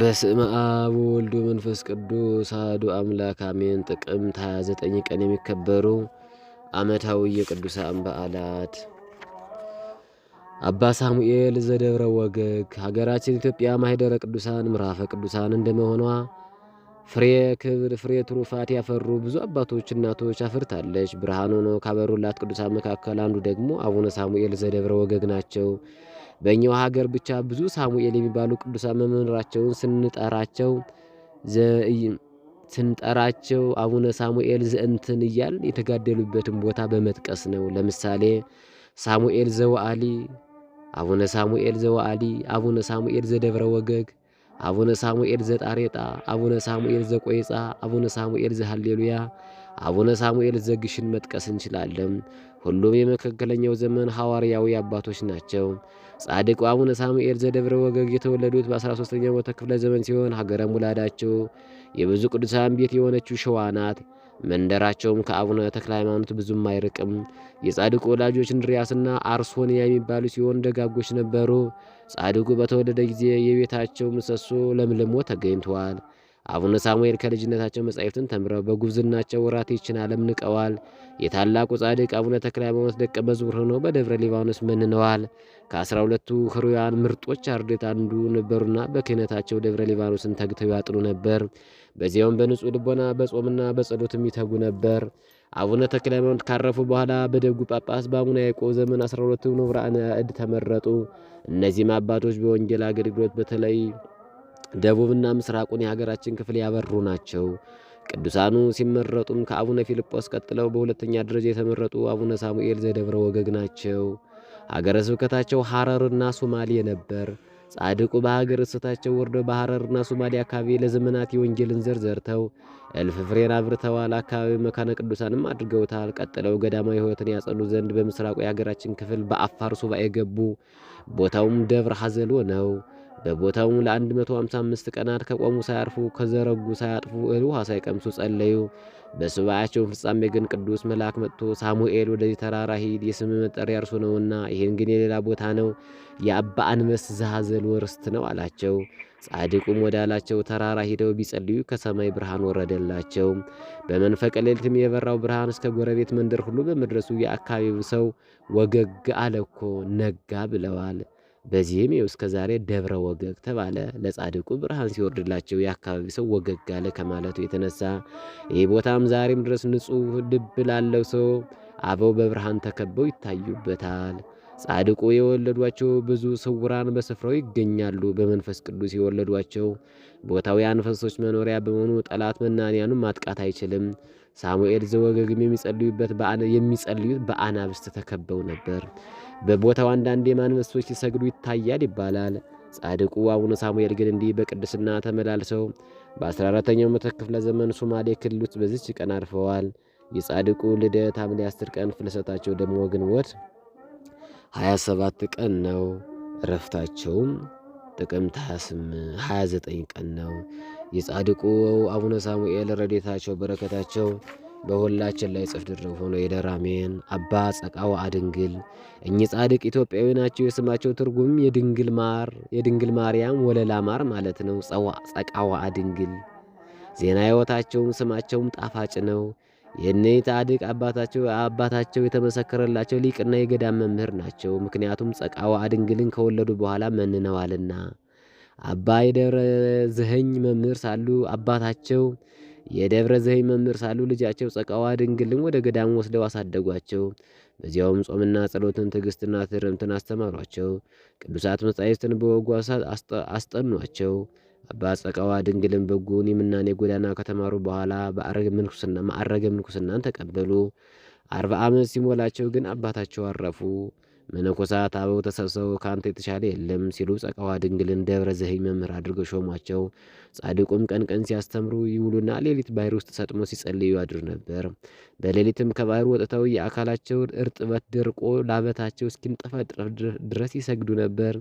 በስመ አብ ወወልድ ወመንፈስ ቅዱስ አሐዱ አምላክ አሜን። ጥቅምት 29 ቀን የሚከበሩ ዓመታዊ የቅዱሳን በዓላት አባ ሳሙኤል ዘደብረ ወገግ። ሀገራችን ኢትዮጵያ ማኅደረ ቅዱሳን ምዕራፈ ቅዱሳን እንደመሆኗ ፍሬ ክብር ፍሬ ትሩፋት ያፈሩ ብዙ አባቶች እናቶች አፍርታለች። ብርሃን ሆነው ካበሩላት ቅዱሳን መካከል አንዱ ደግሞ አቡነ ሳሙኤል ዘደብረ ወገግ ናቸው። በእኛው ሀገር ብቻ ብዙ ሳሙኤል የሚባሉ ቅዱሳን መምህራቸውን ስንጠራቸው ስንጠራቸው አቡነ ሳሙኤል ዘእንትን እያል የተጋደሉበትን ቦታ በመጥቀስ ነው። ለምሳሌ ሳሙኤል ዘወአሊ፣ አቡነ ሳሙኤል ዘወአሊ፣ አቡነ ሳሙኤል ዘደብረ ወገግ፣ አቡነ ሳሙኤል ዘጣሬጣ፣ አቡነ ሳሙኤል ዘቆይጻ፣ አቡነ ሳሙኤል ዘሃሌሉያ አቡነ ሳሙኤል ዘግሽን መጥቀስ እንችላለን። ሁሉም የመካከለኛው ዘመን ሐዋርያዊ አባቶች ናቸው። ጻድቁ አቡነ ሳሙኤል ዘደብረ ወገግ የተወለዱት በ13ኛው መቶ ክፍለ ዘመን ሲሆን ሀገረ ሙላዳቸው የብዙ ቅዱሳን ቤት የሆነችው ሸዋ ናት። መንደራቸውም ከአቡነ ተክለ ሃይማኖት ብዙም አይርቅም። የጻድቁ ወላጆች እንድሪያስና አርሶንያ የሚባሉ ሲሆን ደጋጎች ነበሩ። ጻድቁ በተወለደ ጊዜ የቤታቸው ምሰሶ ለምልሞ ተገኝቷል። አቡነ ሳሙኤል ከልጅነታቸው መጻሕፍትን ተምረው በጉብዝናቸው ወራት ይችን ዓለም ንቀዋል። የታላቁ ጻድቅ አቡነ ተክለ ሃይማኖት ደቀ መዝሙር ሆነው በደብረ ሊባኖስ መንነዋል። ከአስራ ሁለቱ ሕሩያን ምርጦች አርድእት አንዱ ነበሩና በክህነታቸው ደብረ ሊባኖስን ተግተው ያጥኑ ነበር። በዚያውም በንጹሕ ልቦና በጾምና በጸሎትም ይተጉ ነበር። አቡነ ተክለ ሃይማኖት ካረፉ በኋላ በደጉ ጳጳስ በአቡነ ያዕቆብ ዘመን አስራ ሁለቱ ንቡራነ እድ ተመረጡ። እነዚህም አባቶች በወንጌል አገልግሎት በተለይ ደቡብና ምስራቁን የሀገራችን ክፍል ያበሩ ናቸው። ቅዱሳኑ ሲመረጡም ከአቡነ ፊልጶስ ቀጥለው በሁለተኛ ደረጃ የተመረጡ አቡነ ሳሙኤል ዘደብረ ወገግ ናቸው። ሀገረ ስብከታቸው ሐረርና ሶማሌ ነበር። ጻድቁ በሀገር እስታቸው ወርደው በሐረርና ሶማሌ አካባቢ ለዘመናት የወንጌልን ዘር ዘርተው እልፍ ፍሬን አብርተዋል። አካባቢ መካነ ቅዱሳንም አድርገውታል። ቀጥለው ገዳማዊ ሕይወትን ያጸኑ ዘንድ በምስራቁ የሀገራችን ክፍል በአፋር ሱባ የገቡ ቦታውም ደብረ ሐዘሎ ነው። በቦታውም ለ155 ቀናት ከቆሙ ሳያርፉ ከዘረጉ ሳያጥፉ እህል ውሃ ሳይቀምሱ ጸለዩ። በሱባኤያቸው ፍጻሜ ግን ቅዱስ መልአክ መጥቶ ሳሙኤል ወደዚህ ተራራ ሂድ፣ የስም መጠሪያ እርሱ ነውና፣ ይህን ግን የሌላ ቦታ ነው፣ የአባ አንበስ ዘሐዘል ወርስት ነው አላቸው። ጻድቁም ወዳላቸው ተራራ ሂደው ቢጸልዩ ከሰማይ ብርሃን ወረደላቸው። በመንፈቀ ሌሊትም የበራው ብርሃን እስከ ጎረቤት መንደር ሁሉ በመድረሱ የአካባቢው ሰው ወገግ አለኮ ነጋ ብለዋል። በዚህም ይኸው እስከ ዛሬ ደብረ ወገግ ተባለ። ለጻድቁ ብርሃን ሲወርድላቸው የአካባቢ ሰው ወገግ አለ ከማለቱ የተነሳ ይህ ቦታም ዛሬም ድረስ ንጹሕ ልብ ላለው ሰው አበው በብርሃን ተከበው ይታዩበታል። ጻድቁ የወለዷቸው ብዙ ስውራን በስፍራው ይገኛሉ። በመንፈስ ቅዱስ የወለዷቸው ቦታው የአንፈሶች መኖሪያ በመሆኑ ጠላት መናንያኑን ማጥቃት አይችልም። ሳሙኤል ዘወገግም የሚጸልዩት በአናብስት ተከበው ነበር። በቦታው አንዳንድ የማን መስቶች ሲሰግዱ ይታያል ይባላል። ጻድቁ አቡነ ሳሙኤል ግን እንዲህ በቅድስና ተመላልሰው በ 14 ተኛው መቶ ክፍለ ዘመን ሶማሌ ክልል ውስጥ በዚች ቀን አርፈዋል። የጻድቁ ልደት ሐምሌ 10 ቀን፣ ፍልሰታቸው ደግሞ ግንቦት 27 ቀን ነው። እረፍታቸውም ጥቅምት 29 ቀን ነው። የጻድቁ አቡነ ሳሙኤል ረዴታቸው በረከታቸው በሁላችን ላይ ጽፍ ድርብ ሆኖ የደራሜን አባ ጸቃው አድንግል እኚህ ጻድቅ ኢትዮጵያዊ ናቸው። የስማቸው ትርጉም የድንግል ማር የድንግል ማርያም ወለላ ማር ማለት ነው። ጸቃው አድንግል ዜና ሕይወታቸውም ስማቸውም ጣፋጭ ነው። የእኔ ጻድቅ አባታቸው አባታቸው የተመሰከረላቸው ሊቅና የገዳም መምህር ናቸው። ምክንያቱም ጸቃው አድንግልን ከወለዱ በኋላ መንነዋልና። አባ የደረ ዝህኝ መምህር ሳሉ አባታቸው የደብረ ዘይት መምህር ሳሉ ልጃቸው ጸቃዋ ድንግልን ወደ ገዳም ወስደው አሳደጓቸው። በዚያውም ጾምና ጸሎትን፣ ትዕግስትና ትርምትን አስተማሯቸው። ቅዱሳት መጻሕፍትን በወጉ አስጠኗቸው። አባ ጸቃዋ ድንግልን በጎን የምናኔ ጎዳና ከተማሩ በኋላ ማዕረገ ምንኩስናን ተቀበሉ። አርባ ዓመት ሲሞላቸው ግን አባታቸው አረፉ። መነኮሳት አበው ተሰብስበው ከአንተ የተሻለ የለም ሲሉ ጸቃዋ ድንግልን ደብረ ዘህኝ መምህር አድርገው ሾሟቸው። ጻድቁም ቀን ቀን ሲያስተምሩ ይውሉና ሌሊት ባህር ውስጥ ሰጥሞ ሲጸልዩ ያድሩ ነበር። በሌሊትም ከባህር ወጥተው የአካላቸው እርጥበት ደርቆ ላበታቸው እስኪንጠፈጥፍ ድረስ ይሰግዱ ነበር።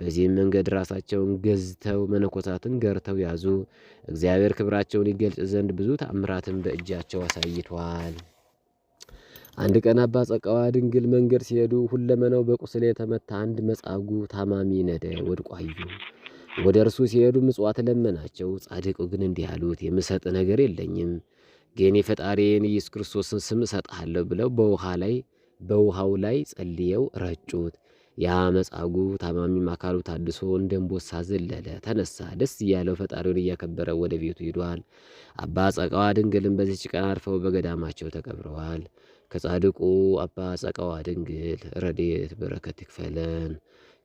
በዚህም መንገድ ራሳቸውን ገዝተው መነኮሳትን ገርተው ያዙ። እግዚአብሔር ክብራቸውን ይገልጽ ዘንድ ብዙ ታምራትን በእጃቸው አሳይቷል። አንድ ቀን አባ ድንግል መንገድ ሲሄዱ ሁለመናው በቁስል የተመታ አንድ መጻጉ ታማሚ ነደ ወድቆ አዩ። ወደ እርሱ ሲሄዱ ምጽዋት ለመናቸው። ጻድቁ ግን እንዲህ አሉት፣ የምሰጥ ነገር የለኝም ግን የፈጣሪን ኢየሱስ ክርስቶስን ስም እሰጥሃለሁ ብለው በውሃ ላይ በውሃው ላይ ጸልየው ረጩት። የአመፅ አጉ ታማሚም አካሉ ታድሶ እንደንቦሳ ዘለለ፣ ተነሳ። ደስ እያለው ፈጣሪውን እያከበረ ወደ ቤቱ ሂዷል። አባ ጸቃዋ ድንግልም በዚች ቀን አርፈው በገዳማቸው ተቀብረዋል። ከጻድቁ አባ ጸቃዋ ድንግል ረድኤት በረከት ይክፈለን።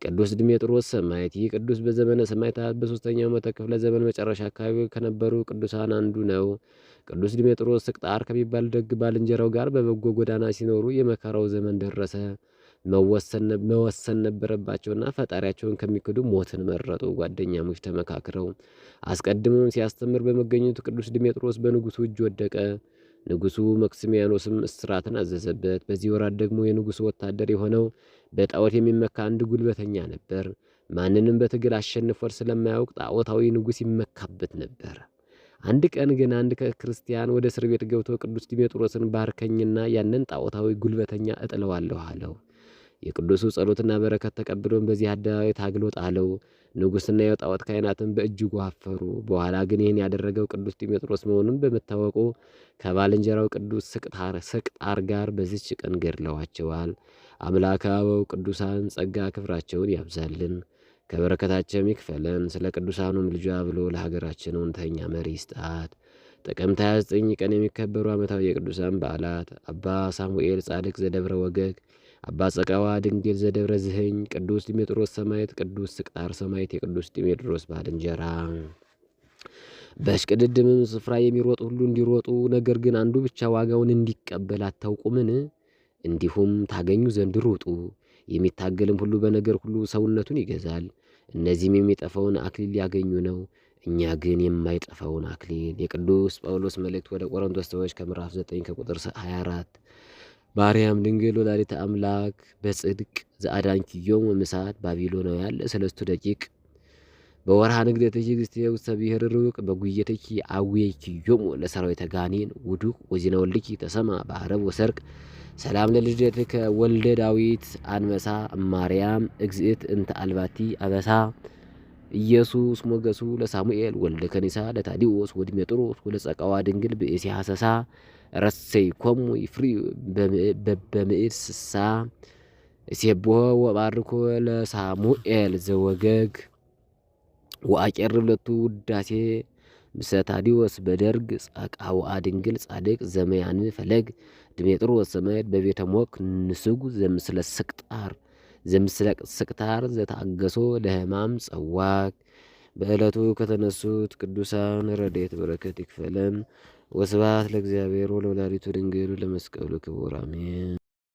ቅዱስ ድሜጥሮስ ሰማዕት። ይህ ቅዱስ በዘመነ ሰማዕታት በሶስተኛው መቶ ክፍለ ዘመን መጨረሻ አካባቢ ከነበሩ ቅዱሳን አንዱ ነው። ቅዱስ ድሜጥሮስ ስቅጣር ከሚባል ደግ ባልንጀራው ጋር በበጎ ጎዳና ሲኖሩ የመከራው ዘመን ደረሰ። መወሰን ነበረባቸውና ፈጣሪያቸውን ከሚክዱ ሞትን መረጡ። ጓደኛሞች ተመካክረው አስቀድሞም ሲያስተምር በመገኘቱ ቅዱስ ድሜጥሮስ በንጉሱ እጅ ወደቀ። ንጉሱ መክስሚያኖስም እስራትን አዘዘበት። በዚህ ወራት ደግሞ የንጉሱ ወታደር የሆነው በጣዖት የሚመካ አንድ ጉልበተኛ ነበር። ማንንም በትግል አሸንፎ ስለማያውቅ ጣዖታዊ ንጉስ ይመካበት ነበር። አንድ ቀን ግን አንድ ክርስቲያን ወደ እስር ቤት ገብቶ ቅዱስ ድሜጥሮስን ባርከኝና ያንን ጣዖታዊ ጉልበተኛ እጥለዋለሁ አለው። የቅዱሱ ጸሎትና በረከት ተቀብሎን በዚህ አደባባይ ታግሎ ጣለው። ንጉሥና የጣዖት ካህናትን በእጅጉ አፈሩ። በኋላ ግን ይህን ያደረገው ቅዱስ ዲሜጥሮስ መሆኑን በመታወቁ ከባልንጀራው ቅዱስ ስቅጣር ጋር በዚች ቀን ገድለዋቸዋል። አምላከ አበው ቅዱሳን ጸጋ ክብራቸውን ያብዛልን፣ ከበረከታቸውም ይክፈለን። ስለ ቅዱሳኑም ልጇ ብሎ ለሀገራችን እውነተኛ መሪ ይስጣት። ጥቅምት 29 ቀን የሚከበሩ ዓመታዊ የቅዱሳን በዓላት አባ ሳሙኤል ጻድቅ ዘደብረ ወገግ አባ ጸቃዋ ድንግል ዘደብረ ዝህኝ፣ ቅዱስ ዲሜጥሮስ ሰማየት፣ ቅዱስ ስቅጣር ሰማየት፣ የቅዱስ ዲሜጥሮስ ባልንጀራ። በሽቅድድምም ስፍራ የሚሮጥ ሁሉ እንዲሮጡ፣ ነገር ግን አንዱ ብቻ ዋጋውን እንዲቀበል አታውቁምን? እንዲሁም ታገኙ ዘንድ ሩጡ። የሚታገልም ሁሉ በነገር ሁሉ ሰውነቱን ይገዛል። እነዚህም የሚጠፋውን አክሊል ያገኙ ነው። እኛ ግን የማይጠፋውን አክሊል። የቅዱስ ጳውሎስ መልእክት ወደ ቆሮንቶስ ሰዎች ከምዕራፍ 9 ከቁጥር 24 ማርያም ድንግል ወላዲተ አምላክ በጽድቅ ዮም ወምሳት ባቢሎን ያለ ሰለስቱ ደቂቅ በወርሃ ንግደትኪ እግዝእትየ እግዚአብሔር ርቅ በጉየትኪ አዌኪዮም ለሰራዊተ ጋኔን ውዱቅ ወዜናውልኪ ተሰማ በአረብ ወሰርቅ ሰላም ለልደትከ ወልደ ዳዊት አንበሳ ማርያም እግዝእት እንተ አልባቲ አበሳ ኢየሱስ ሞገሱ ለሳሙኤል ወልደ ከኒሳ ለታዲዎስ ወድሜጥሮስ ወለጸቃዋ ድንግል ብእሲ ሐሰሳ ረሰይ ረሰይኮሙ ይፍሪ በምእድ ስሳ እሴብሖ ወባርኮ ለሳሙኤል ዘወገግ ወአቄርብ ለቱ ውዳሴ ብሰታዲዎስ በደርግ ጸቃው ድንግል ጻድቅ ዘመያን ፈለግ ድሜጥሮስ ሰማዕት በቤተ ሞክ ንስጉ ዘምስለ ስቅጣር ዘምስለ ስቅታር ዘታገሶ ለሕማም ጸዋክ በዕለቱ ከተነሱት ቅዱሳን ረድኤት በረከት ይክፈለን። ወስብሐት ለእግዚአብሔር ወለወላዲቱ ድንግል ለመስቀሉ ክቡር አሜን።